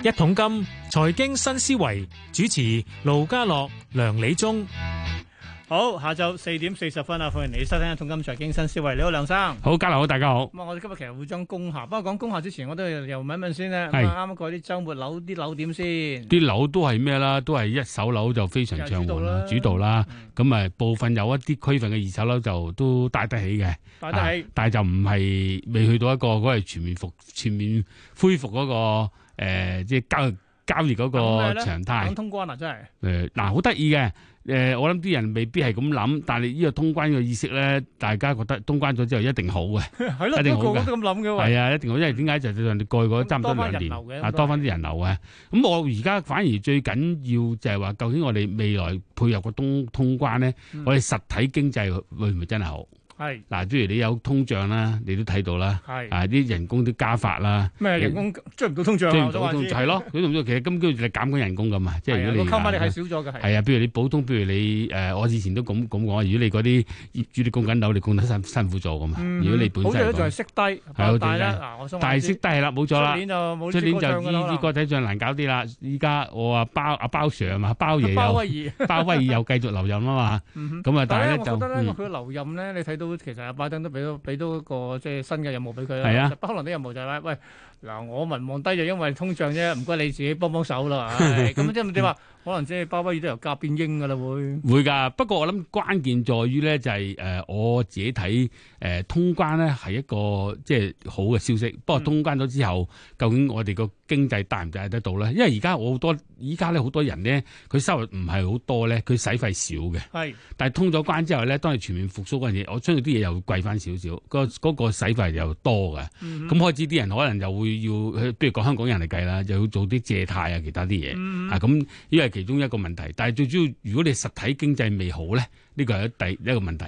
一桶金財經新思維主持盧家樂、梁理中。好，下晝四點四十分啊！歡迎你收聽一桶金財經新思維。你好，梁生。好，家樂好，大家好。咁啊，我哋今日其實會講工廈，不過講工廈之前，我都要又問一問先啦。啱啱是過啲周末樓，樓啲樓點先？啲樓都係咩啦？都係一手樓就非常暢旺啦，道主導啦。咁啊、嗯，部分有一啲區分嘅二手樓就都帶得起嘅。帶得起。啊、但係就唔係未去到一個嗰全面復全面恢復嗰個。誒、呃、即係交交易嗰個常態，通關啦，真係。誒嗱、嗯，好得意嘅。誒、呃、我諗啲人未必係咁諗，但係呢個通關嘅意識咧，大家覺得通關咗之後一定好嘅，係咯 的，一定好咁諗嘅，係啊，一定好，因為點解就係你過去差唔多兩年，嗯嗯、多翻多翻啲人流嘅。咁、啊是嗯、我而家反而最緊要就係話，究竟我哋未來配合個通通關咧，嗯、我哋實體經濟會唔會真係好？係嗱，譬如你有通脹啦，你都睇到啦，啊啲人工都加法啦，咩人工追唔到通脹，追唔到通脹，係咯，追唔到。其實根本叫做你減緊人工咁啊，即係如果你個購買力係少咗嘅，係啊，譬如你普通，譬如你誒，我以前都咁咁講，如果你嗰啲業主你供緊樓，你供得辛辛苦做咁嘛。如果你本身，息低，但係息低係啦，冇錯啦，出年就就個體難搞啲啦。依家我話包阿包 Sir 嘛，包爺有包威爾，包威爾又繼續留任啊嘛，咁啊，但係就佢留任咧，你睇到。其實阿拜登都俾到俾到一個即係新嘅任務俾佢啦。係啊、不可能啲任務就係、係、話，喂。嗱，我民望低就因為通脹啫，唔該你自己幫幫手啦。咁即係點話？可能即係鮑威爾都由鴿變鷹噶啦，會會㗎。不過我諗關鍵在於咧，就係、是、誒、呃、我自己睇誒、呃、通關咧係一個即係好嘅消息。不過通關咗之後，嗯、究竟我哋個經濟帶唔帶得到咧？因為而家我好多依家咧好多人咧，佢收入唔係好多咧，佢使費少嘅。係，是 但係通咗關之後咧，當你全面復甦嗰陣嘢，我相信啲嘢又貴翻少少。嗰個嗰、嗰個使費又多嘅，咁開始啲人可能又會。要譬如講香港人嚟計啦，又要做啲借貸啊，其他啲嘢、嗯、啊，咁呢係其中一個問題。但係最主要，如果你實體經濟未好咧。呢個係第一個問題，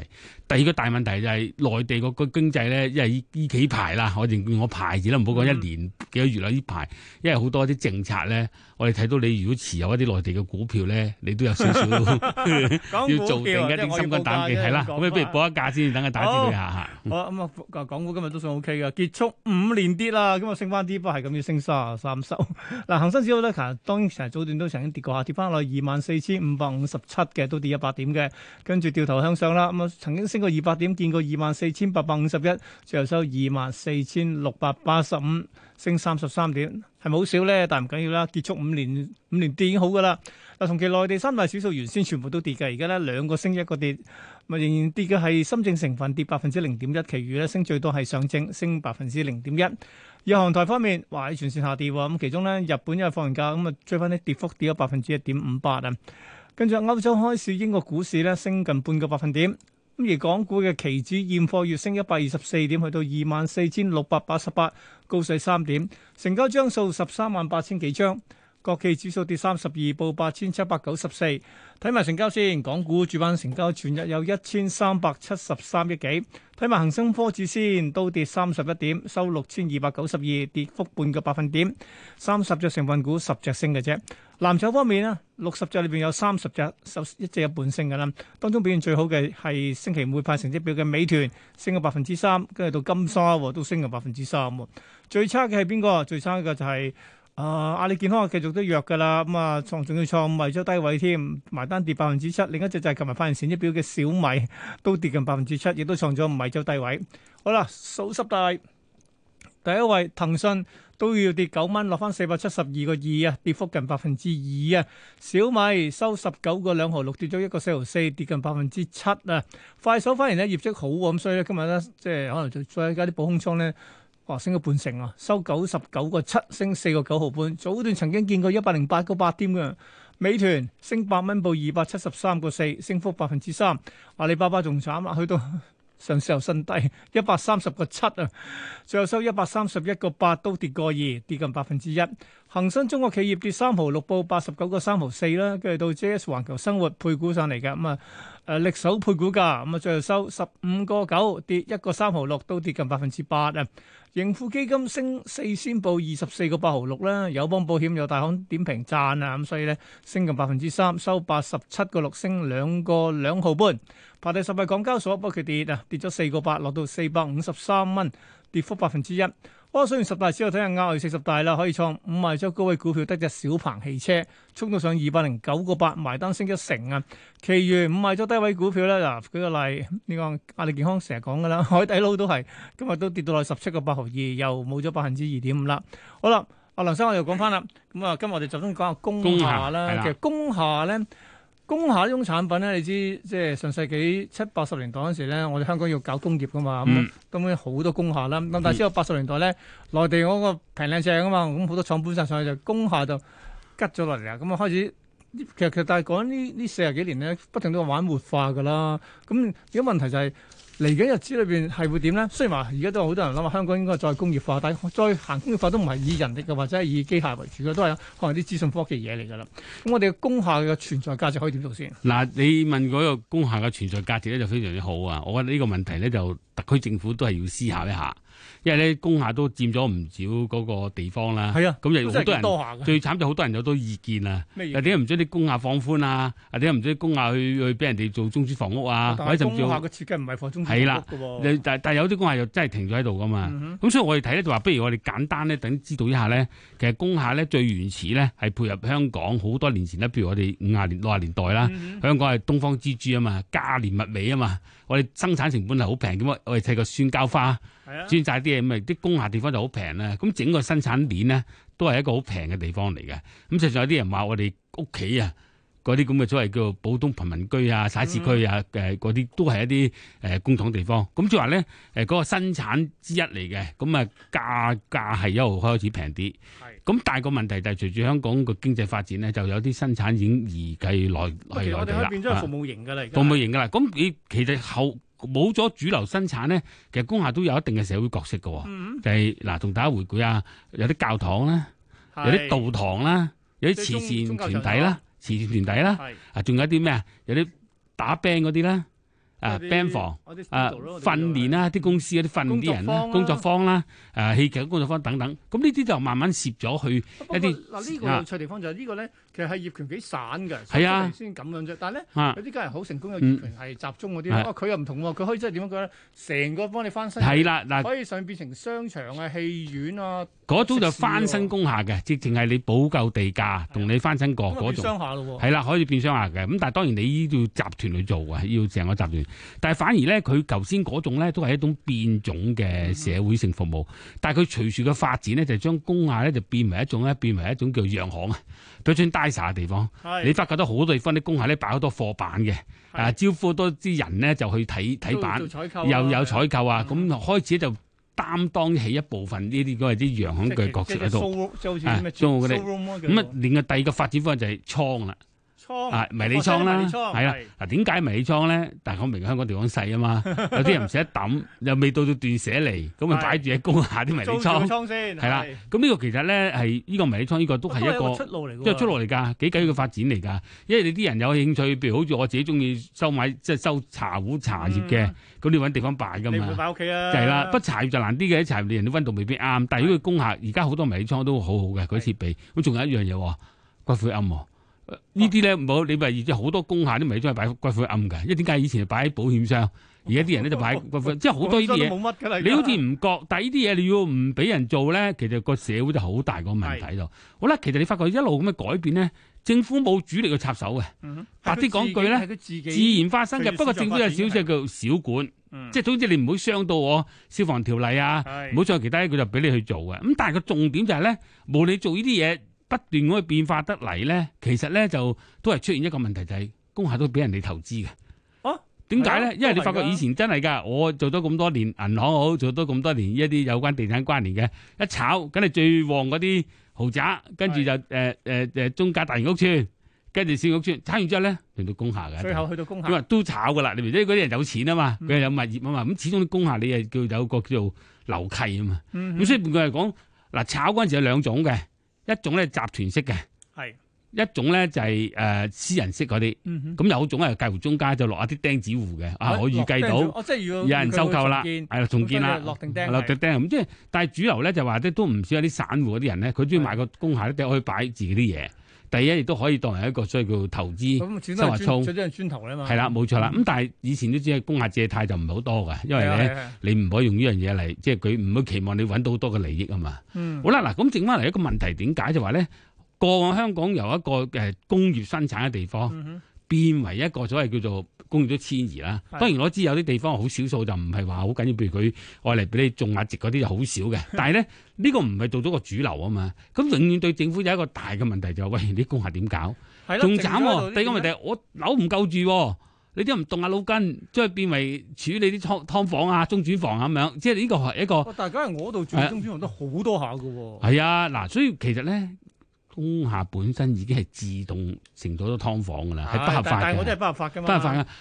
第二個大問題就係內地嗰個經濟咧，因為呢依幾排啦，我認我牌子啦，唔好講一年幾多月啦，呢排因為好多啲政策咧，我哋睇到你如果持有一啲內地嘅股票咧，你都有少少 計 要做定一啲心肝膽嘅，係、就是、啦，咁你不如報一價先，等佢打跌下嚇。好，咁啊，港股今日都算 O K 嘅，結束五年跌啦，咁啊升翻啲，不過係咁要升三十三十。嗱、嗯，恒生指數咧，其實當時早段都曾經跌過下，跌翻落二萬四千五百五十七嘅，都跌一百點嘅，跟。跟住掉頭向上啦，咁啊曾經升過二百點，見過二萬四千八百五十一，最後收二萬四千六百八十五，升三十三點，係咪好少咧？但係唔緊要啦，結束五年五年跌已經好噶啦。嗱，同期內地三大指數原先全部都跌嘅，而家咧兩個升一個跌，咪仍然跌嘅係深證成分跌百分之零點一，其餘咧升最多係上證升百分之零點一。而港台方面，哇，全線下跌咁，其中咧日本因為放完假咁啊追翻啲跌幅，跌咗百分之一點五八啊。跟着歐洲開市，英國股市咧升近半個百分點，咁而港股嘅期指現貨月升一百二十四點，去到二萬四千六百八十八，高水三點，成交張數十三萬八千幾張。國企指數跌三十二，報八千七百九十四。睇埋成交先，港股主板成交全日有一千三百七十三億幾。睇埋恒生科指先，都跌三十一點，收六千二百九十二，跌幅半個百分點。三十隻成分股，十隻升嘅啫。藍籌方面咧，六十隻裏邊有三十隻，一隻有半升嘅啦。當中表現最好嘅係星期五派成績表嘅美團，升咗百分之三，跟住到金沙都升咗百分之三。最差嘅係邊個？最差嘅就係啊，阿里健康繼續都弱嘅啦。咁啊，創仲要創五二週低位添，埋單跌百分之七。另一隻就係琴日發完成績表嘅小米，都跌近百分之七，亦都創咗五二週低位。好啦，數十大，第一位騰訊。都要跌九蚊，落翻四百七十二個二啊，跌幅近百分之二啊。小米收十九個兩毫六，跌咗一個四毫四，跌近百分之七啊。快手反而咧業績好喎，咁所以咧今日咧即係可能再加啲補空倉咧，哇升咗半成啊，收九十九個七，升四個九毫半。早段曾經見過一百零八個八點嘅。美團升八蚊，報二百七十三個四，升幅百分之三。阿里巴巴仲慘啊，去到。上時候新低一百三十個七啊，7，最後收一百三十一個八，都跌過二，跌近百分之一。恒生中國企業跌三毫六，報八十九個三毫四啦。跟住，到 J S 環球生活配股上嚟嘅，咁啊。誒、呃、力手配股價，咁啊最後收十五個九，跌一個三毫六，都跌近百分之八啊！盈富基金升四仙報二十四個八毫六啦，友邦保險有大行點評讚啊，咁所以咧升近百分之三，收八十七個六，升兩個兩毫半。排第十位港交所，不過佢跌啊，跌咗四個八，落到四百五十三蚊。跌幅百分之一。我雖然十大隻我睇下阿四十大啦，可以創五十二周高位股票，得只有小鵬汽車，衝到上二百零九個八，埋單升咗成啊。其餘五十二周低位股票咧，嗱、啊、舉個例，呢、這個阿里健康成日講噶啦，海底撈都係，今日都跌到落十七個八毫二，又冇咗百分之二點五啦。好啦，阿梁生我又講翻啦，咁啊今日我哋集中講下工廈啦。其實工廈咧。工廈呢種產品咧，你知即係上世紀七八十年代嗰時咧，我哋香港要搞工業噶嘛，咁咁樣好多工廈啦。咁但係之後八十年代咧，內地嗰個平靚正啊嘛，咁好多廠搬晒上去，工就工廈就吉咗落嚟啦。咁啊開始，其實其實但係講呢呢四十幾年咧，不停都係玩活化噶啦。咁而家問題就係、是。嚟緊日子裏邊係會點咧？雖然話而家都有好多人諗話香港應該再工業化，但係再行工業化都唔係以人力嘅，或者係以機械為主嘅，都係可能啲資訊科技嘢嚟㗎啦。咁我哋嘅工廈嘅存在價值可以點做先？嗱，你問嗰個工廈嘅存在價值咧，就非常之好啊！我覺得呢個問題咧，就特區政府都係要思考一下。因為咧，工廈都佔咗唔少嗰個地方啦。係啊，咁又好多人。多最慘就好多人有好多意見啊。咩意見？又點解唔准啲工廈放寬啊？啊，點解唔准啲工廈去去俾人哋做中資房屋啊？或者就叫，做？工廈嘅設計唔係放中資係啦。但是是但有啲工廈又真係停咗喺度噶嘛。咁、嗯、哼所以我哋睇咧就話，不如我哋簡單咧，等知道一下咧。其實工廈咧最原始咧係配合香港好多年前咧，譬如我哋五十年六十年代啦，嗯、哼香港係東方之珠啊嘛，價廉物美啊嘛。我哋生產成本係好平，點啊？我哋睇個酸膠花、酸債啲嘢，咪啲工廈的地方就好平啦。咁整個生產鏈咧，都係一個好平嘅地方嚟嘅。咁實在有啲人話我哋屋企啊。嗰啲咁嘅所謂叫做保東貧民區啊事區啊、徙置區啊、誒嗰啲都係一啲誒、呃、工廠地方。咁即係話咧，誒、呃、嗰、那個生產之一嚟嘅。咁啊，價價係一路開始平啲。係是。咁大個問題就係、是、隨住香港個經濟發展咧，就有啲生產已經移計內內地啦。變咗服務型㗎啦，吧服務型㗎啦。咁你其實後冇咗主流生產咧，其實工廈都有一定嘅社會角色㗎喎、哦。嗯、就係、是、嗱，同大家回顧啊，有啲教堂啦是，有啲道堂啦，有啲慈善團體啦。慈善團體啦，啊是，仲有啲咩啊？有啲打餅嗰啲啦。啊，Band 房啊，訓練啦，啲公司啲訓練啲人工作坊啦，啊戲劇工作坊等等，咁呢啲就慢慢攝咗去一啲。嗱，呢個有趣地方就係呢個咧，其實係業權幾散嘅，先咁樣啫。但係咧，有啲家人好成功嘅業權係集中嗰啲佢又唔同喎，佢可以即係點樣講成個幫你翻身。係啦，嗱，可以想變成商場啊、戲院啊嗰種就翻身工廈嘅，直情係你補救地價，同你翻身過嗰種。商廈咯喎，係啦，可以變商廈嘅。咁但係當然你呢度集團去做啊，要成個集團。但係反而咧，佢頭先嗰種咧都係一種變種嘅社會性服務，嗯、哼但係佢隨住嘅發展咧，就將工廈咧就變為一種咧，變為一種叫洋行啊，都係轉戴嘅地方。是你發覺都好多地方啲工廈咧擺好多貨板嘅，是啊招呼多啲人呢就去睇睇板，採購，又有採購啊，咁是開始就擔當起一部分呢啲啲洋行嘅角色喺度咁啊，連個第二個發展方向就係倉啦。迷你倉啦，係啦，嗱，點解迷你倉咧？但係我明香港地方細啊嘛，有啲人唔捨得抌，又未到到斷捨離，咁啊擺住喺工廈啲迷你倉，係啦，咁呢個其實咧係呢個迷你倉呢個都係一個出路嚟，出路嚟噶，幾緊要嘅發展嚟噶。因為你啲人有興趣，譬如，好似我自己中意收買，即係收茶壺茶葉嘅，咁你搵地方擺噶嘛，係啦，不茶葉就難啲嘅，啲茶葉人啲溫度未必啱。但係如果佢工廈，而家好多迷你倉都好好嘅，嗰啲設備。咁仲有一樣嘢，骨灰龕。呢啲咧唔好，你咪而係好多工廈都咪都係擺骨灰龕，因為點解以前係擺喺保險箱，而家啲人咧就擺骨灰，即係好多呢啲嘢。冇乜你好似唔覺，但係呢啲嘢你要唔俾人做咧，其實個社會就好大個問題咯。好啦，其實你發覺一路咁嘅改變咧，政府冇主力去插手嘅。白啲講句咧，自然發生嘅。不過政府有少少叫小管，即係總之你唔好傷到我消防條例啊，唔好再其他，佢就俾你去做嘅。咁但係個重點就係咧，冇你做呢啲嘢。不斷可以變化得嚟咧，其實咧就都係出現一個問題，就係、是、工廈都俾人哋投資嘅。哦、啊，點解咧？因為你發覺以前真係噶，我做咗咁多年銀行好，做咗咁多年一啲有關地產關聯嘅一炒，梗係最旺嗰啲豪宅，跟住就誒誒誒中價大型屋村，跟住小屋村，炒完之後咧，用到工廈嘅。最後去到工廈。因為都炒噶啦，你明知嗰啲人有錢啊嘛，佢有物業啊、嗯、嘛，咁始終啲工廈你係叫有個叫做樓契啊嘛。咁所以換句話嚟講，嗱炒嗰陣時有兩種嘅。一種咧集團式嘅，係是一種咧就係誒私人式嗰啲，咁、嗯、哼有種係介乎中間就落一啲釘子戶嘅啊，我預計到、哦，即係有人收購啦，係啊建、嗯，重建啦、嗯，落定釘，落定釘咁即係，但係主流咧就話即都唔少有啲散戶嗰啲人咧，佢中意買個工廈咧可以擺自己啲嘢。第一亦都可以當係一個所謂叫做投資收下倉，最緊係磚頭啊嘛。係啦，冇錯啦。咁、嗯嗯、但係以前都只係工廈借貸就唔係好多嘅，因為咧、嗯、你唔可以用呢樣嘢嚟，即係佢唔會期望你揾到好多嘅利益啊嘛。嗯、好啦，嗱咁剩翻嚟一個問題點解就話咧，過往香港由一個誒工業生產嘅地方、嗯、哼變為一個所謂叫做。工業都遷移啦，當然我知有啲地方好少數是的就唔係話好緊要，譬如佢外嚟俾你種壓值嗰啲就好少嘅。但係咧呢、呢個唔係到咗個主流啊嘛，咁永遠對政府有一個大嘅問題就係、是：喂，啲工廈點搞？仲的慘，第二個問題我樓唔夠住、啊，你都唔動下腦筋，即係變為處理啲劏房啊、中轉房咁、啊、樣，即係呢個係一個。大家係我度住的中轉房都好多下嘅。係啊，嗱，所以其實咧。工廈本身已經係自動成咗咗劏房㗎啦，係、啊、不合法嘅。但係不合法嘅，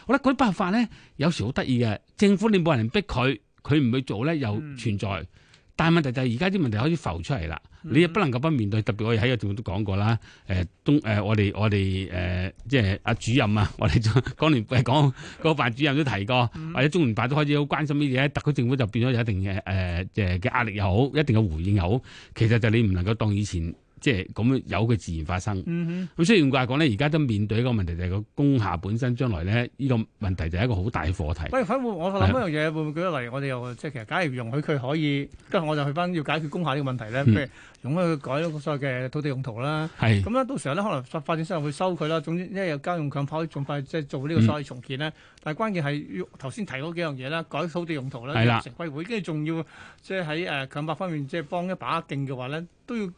好啦，嗰啲不合法咧，有時好得意嘅。政府你冇人逼佢，佢唔去做咧，又存在。嗯、但係問題就係而家啲問題開始浮出嚟啦。嗯、你又不能夠不面對。特別我喺啊度都講過啦。誒、呃、中誒、呃、我哋我哋誒即係阿主任啊，我哋講完講嗰個辦主任都提過，嗯、或者中聯辦都開始好關心呢啲嘢。特區政府就變咗有一定嘅誒誒嘅壓力又好，一定嘅回應又好。其實就你唔能夠當以前。即係咁，有佢自然發生咁，嗯、哼雖然話講咧，而家都面對一個問題，就係個工廈本身將來咧，呢個問題就係一個好大嘅課題。喂，我我諗嗰樣嘢會唔會舉得嚟？的我哋又即係其實，假如容許佢可以，跟住我就去翻要解決工廈呢個問題咧，譬如容許佢改咗個所謂嘅土地用途啦，咁咧的到時候咧可能發展商去收佢啦。總之，因為又加用強拍，仲快即係做呢個所謂重建咧。嗯、但係關鍵係要頭先提嗰幾樣嘢啦，改土地用途啦，城規會，跟住仲要即係喺誒強拍方面即係幫一把勁嘅話咧，都要。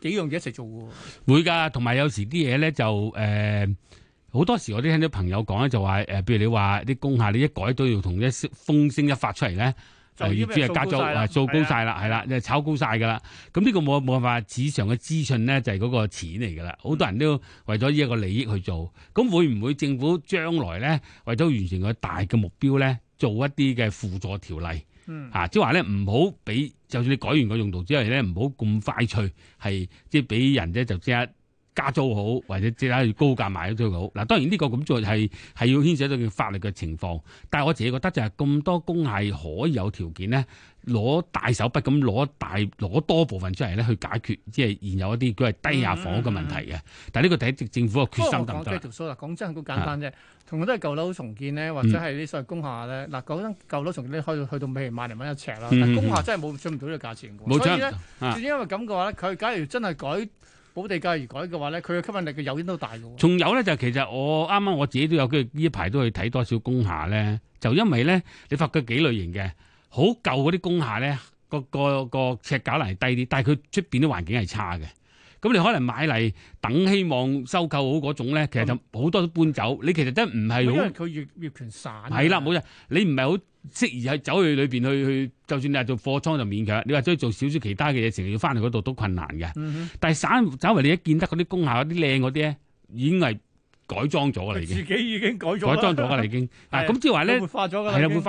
幾樣嘢一齊做嘅，會噶，同埋有，有時啲嘢咧就誒，好、呃、多時我都聽到朋友講咧，就話誒，比如你話啲工廈你一改都要同一風聲一發出嚟咧，就意思係加咗做高晒啦，係啦，即係炒高晒噶啦。咁呢個冇冇辦法，市場嘅資訊咧就係嗰個錢嚟噶啦。好、嗯、多人都為咗呢一個利益去做，咁會唔會政府將來咧為咗完成個大嘅目標咧，做一啲嘅輔助條例，吓、嗯啊，即係話咧唔好俾。就算你改完個用途之後咧，唔好咁快脆，係即係俾人咧就即刻，加租好，或者即係高價賣都好。嗱，當然呢個咁做係係要牽涉到件法律嘅情況。但係我自己覺得就係咁多工廈可以有條件咧攞大手筆咁攞大攞多部分出嚟咧去解決，即係現有一啲佢係低下房嘅問題嘅。但係呢個第一政府嘅決心等、嗯嗯、我講呢條數啦，講真係好簡單啫。是同我都係舊樓重建咧，或者係啲所謂工廈咧。嗱、嗯，舊樓舊樓重建咧，可以去到譬如萬零蚊一尺啦。但工廈真係冇上唔到呢個價錢。冇、嗯、以錯。所、啊、因為咁嘅話咧，佢假如真係改。土地界而改嘅話咧，佢嘅吸引力嘅誘因都大嘅。仲有咧就係、其實我啱啱我自己都有跟，呢一排都去睇多少工廈咧，就因為咧你發覺幾類型嘅好舊嗰啲工廈咧，個個個尺價能係低啲，但係佢出邊啲環境係差嘅。咁你可能買嚟等希望收購好嗰種咧，其實就好多都搬走。嗯、你其實真係唔係好，因為佢業權散、啊。係啦，冇錯。你唔係好適宜係走去裏面去去，就算你係做貨倉就勉強，你話再做少少其他嘅嘢，成日要翻去嗰度都困難嘅。嗯、哼但係散，稍微你一見得嗰啲功效、啲靚嗰啲咧，已經係。改裝咗噶啦，已經自己已經改裝咗，改裝咗噶啦，已經啊，咁即係話咧，係啊，會化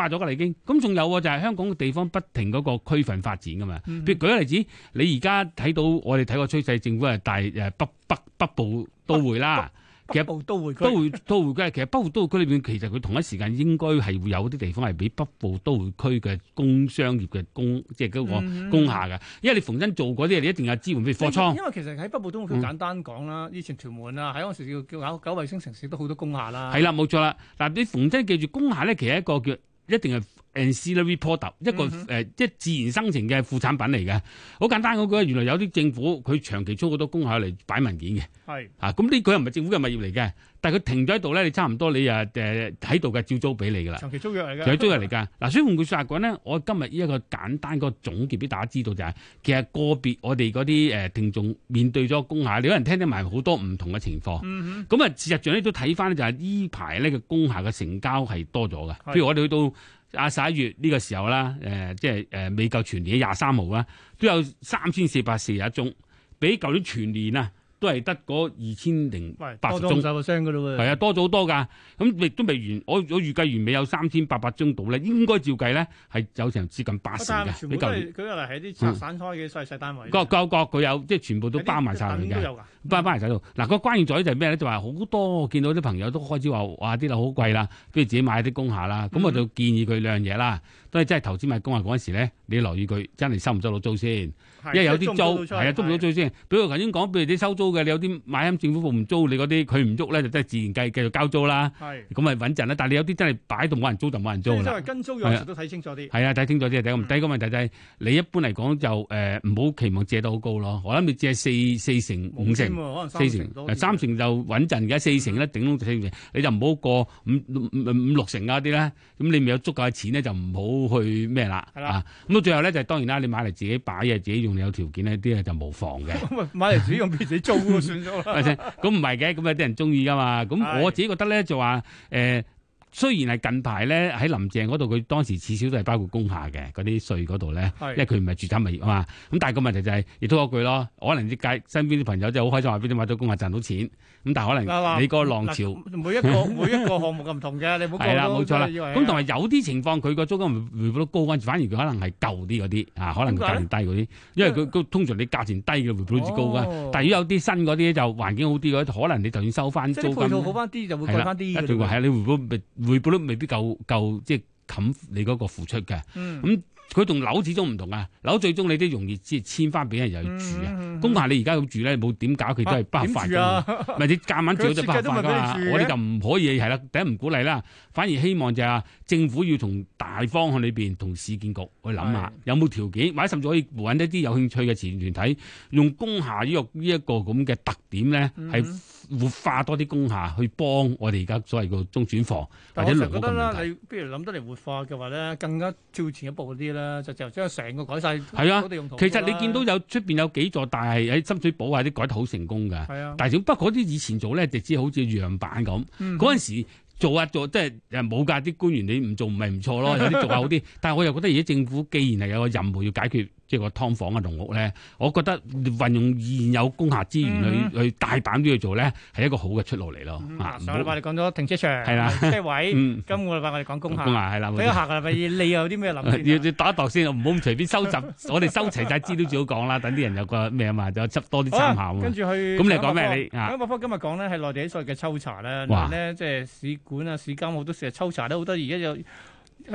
咗噶啦，已經。咁仲有啊，就係香港嘅地方不停嗰個區份發展噶嘛。譬如、嗯嗯、舉個例子，你而家睇到我哋睇個趨勢，政府係大誒北北北部都會啦。 北部都會區都會都會區， 其實北部都會區裏邊，其實佢同一時間應該係會有啲地方係畀北部都會區嘅工商業嘅工，即係嗰個工廈嘅。嗯、因為你逢真做嗰啲，你一定要有支援畀貨倉。因為其實喺北部都會區簡單講啦，嗯、以前屯門啦、啊，喺嗰時叫叫搞九衛星城市，都好多工廈啦。係啦，冇錯啦。嗱，你逢真記住工廈咧，其實一個叫一定係。Ancillary Product 一個誒，即係自然生成嘅副產品嚟嘅，好簡單嗰句。原來有啲政府佢長期租好多工廈嚟擺文件嘅，係是啊，咁呢個又唔係政府嘅物業嚟嘅，但係佢停咗喺度咧，你差唔多你啊誒喺度嘅，照租俾你㗎啦。長期租約嚟㗎，長期租約嚟㗎。嗱、啊，所以換句説話講咧，我今日呢一個簡單個總結俾大家知道就係、是，其實個別我哋嗰啲誒聽眾面對咗工廈，你可能聽得埋好多唔同嘅情況。咁啊、嗯哼，事實上呢，都睇翻咧，就係呢排呢個工廈嘅成交係多咗嘅，是譬如我哋去到。阿十一月呢個時候啦，誒即係誒未夠全年嘅廿三號啦，都有三千四百四十一宗，比舊年全年啊，都係得嗰二千零八十張，多咗噶啦喎！係啊，多咗好多㗎。咁亦都未完，我我預計完未有三千八百張到咧，應該照計咧係走成接近八十嘅。但佢又嚟係啲拆散開嘅細細單位。各各各佢有，即係全部都包埋曬佢嘅。包埋包埋曬到。嗱，個關鍵在就係咩咧？就話好多見到啲朋友都開始話：，哇，啲樓好貴啦，不如自己買啲工廈啦。咁我就建議佢兩樣嘢啦。都係真係投資買工廈啊！嗰陣時咧，你留意佢真係收唔收到租先，因為有啲租係啊，租唔到租先。比如頭先講，譬如啲收租。你有啲買啱政府房唔租你嗰啲佢唔租咧就真係自然繼繼續交租啦。咁咪是穩陣啦。但係你有啲真係擺同冇人租就冇人租啦。咁係跟租，有時都睇清楚啲。係啊、嗯，睇清楚啲。第二個問題就係你一般嚟講就誒唔好期望借得好高咯。我諗你借四四成五成，四成三成就穩陣。而家四成咧頂籠就四成。你就唔好過五五六成嗰啲咧。咁你咪有足夠嘅錢咧的、啊，就唔好去咩啦。咁到最後咧就當然啦，你買嚟自己擺啊，自己用，有條件呢啲嘢就無妨嘅。 買嚟自己用邊使租？ 算咗啦，咁唔係嘅，咁有啲人中意噶嘛。咁我自己覺得咧，就話、是，誒、呃。雖然係近排咧喺林鄭嗰度，佢當時至少都係包括工廈嘅嗰啲稅嗰度咧，因為佢唔係住宅物業啊嘛。咁但係個問題就係，亦都嗰句咯，可能啲街身邊啲朋友就好開心話：邊啲買咗工廈賺到錢。咁但係可能你個浪潮，每一個每一個項目咁唔同嘅，你唔好計係啦，冇錯啦。咁同埋有啲情況，佢個租金回回報率高啊，反而佢可能係舊啲嗰啲啊，可能價錢低嗰啲，因為佢通常你價錢低嘅回報率高啊。但如果有啲新嗰啲就環境好啲嘅，可能你就算收翻租金，好翻啲就會貴翻啲你回回報率未必夠夠即係冚你嗰個付出嘅，咁佢同樓始終唔同啊！樓最終你都容易即係遷翻俾人又去住啊！工廈你而家咁住咧，冇點搞佢都係不合法㗎嘛！咪你夾硬住都、啊、係不合法㗎嘛！我哋就唔可以係啦，第一唔鼓勵啦，反而希望就係政府要從大方向裏邊同市建局去諗下，是有冇條件，或者甚至可以揾一啲有興趣嘅慈善團體，用工廈呢、這個呢一、這個咁嘅特點咧，係、嗯。活化多啲工廈去幫我哋而家所謂個中轉房但我 或者農但係覺得啦，你不如諗得嚟活化嘅話咧，更加超前一步啲啦，就就將成個改晒。係啊，其實你見到有出面有幾座大係喺深水埗啊啲改得好成功㗎。係啊，但係不過嗰啲以前做咧，直只好似樣板咁。嗰陣、嗯、哼時做啊做，即係冇㗎啲官員，你唔做唔係唔錯咯，有啲做下好啲。 但係我又覺得而家政府既然係有個任務要解決。即係個劏房啊，農屋咧，我覺得運用現有工廈資源去去大膽啲去做咧，係一個好嘅出路嚟咯。啊，唔好話你講咗停車場，即係位。咁我話我哋講工廈，咁啊係啦。俾個客嚟，你你有啲咩諗？要要度一度先，唔好咁隨便收集。我哋收齊曬資料就好講啦。等啲人有個咩啊嘛，就執多啲參考。跟住去咁你講咩？你啊，阿伯科今日講咧係內地喺所謂嘅抽查咧，連咧即係市管啊、市監好多時啊抽查都好得意。而家又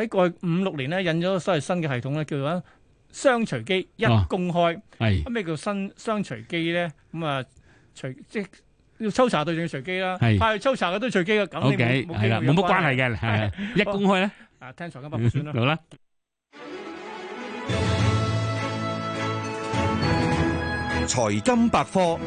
喺過去五六年咧引咗所謂新嘅系統咧叫做，雙隨機一公開，咁咩叫新雙隨機咧？咁啊，隨即抽查對住隨機啦，派去抽查嘅都隨機嘅，OK 係啦，冇乜關係嘅，係一公開咧。啊，聽財金百科算啦，好啦，財金百科。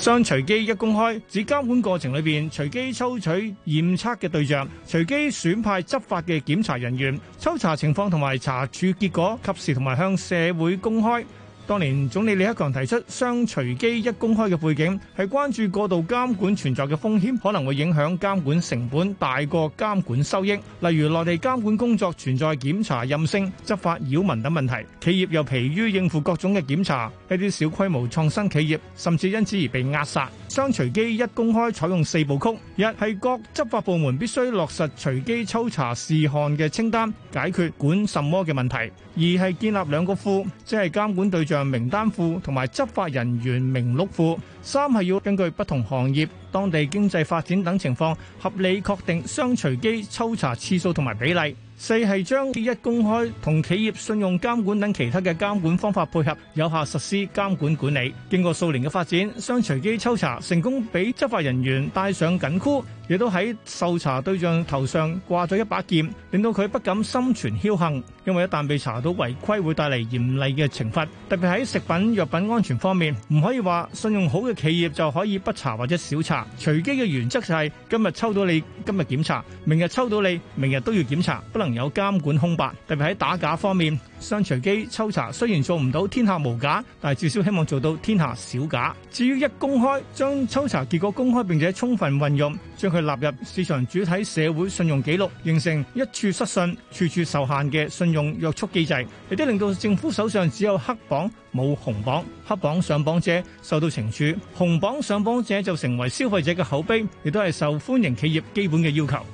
雙隨機一公開，指監管過程裏邊隨機抽取驗測嘅對象，隨機選派執法嘅檢查人員，抽查情況同埋查處結果，及時同埋向社會公開。當年總理李克強提出雙隨機一公開嘅背景，係關注過度監管存在嘅風險，可能會影響監管成本大過監管收益。例如內地監管工作存在檢查任性、執法擾民等問題，企業又疲於應付各種嘅檢查，一啲小規模創新企業甚至因此而被扼殺。雙隨機一公開採用四部曲一：一係各執法部門必須落實隨機抽查事項嘅清單，解決管什麼嘅問題；二係建立兩個庫，即係監管對象名單庫同埋執法人員名錄庫；三係要根據不同行業。當地經濟發展等情況，合理確定雙隨機抽查次數同埋比例。四係將第一公開同企業信用監管等其他嘅監管方法配合，有效實施監管管理。經過數年嘅發展，雙隨機抽查成功俾執法人員帶上緊箍。亦都喺受查對象頭上掛咗一把劍，令到佢不敢心存僥幸，因為一旦被查到違規，會帶嚟嚴厲嘅懲罰，特別喺食品藥品安全方面，唔可以話信用好嘅企業就可以不查或者少查。隨機嘅原則就係今日抽到你，今日檢查；明日抽到你，明日都要檢查，不能有監管空白。特別喺打假方面，雙隨機抽查，雖然做唔到天下無假，但係至少希望做到天下少假。至於一公開，將抽查結果公開並且充分運用，將佢。納入市場主體社會信用記錄，形成一處失信處處受限嘅信用約束機制，亦都令到政府手上只有黑榜冇紅榜，黑榜上榜者受到懲處，紅榜上榜者就成為消費者嘅口碑，亦都係受歡迎企業基本嘅要求。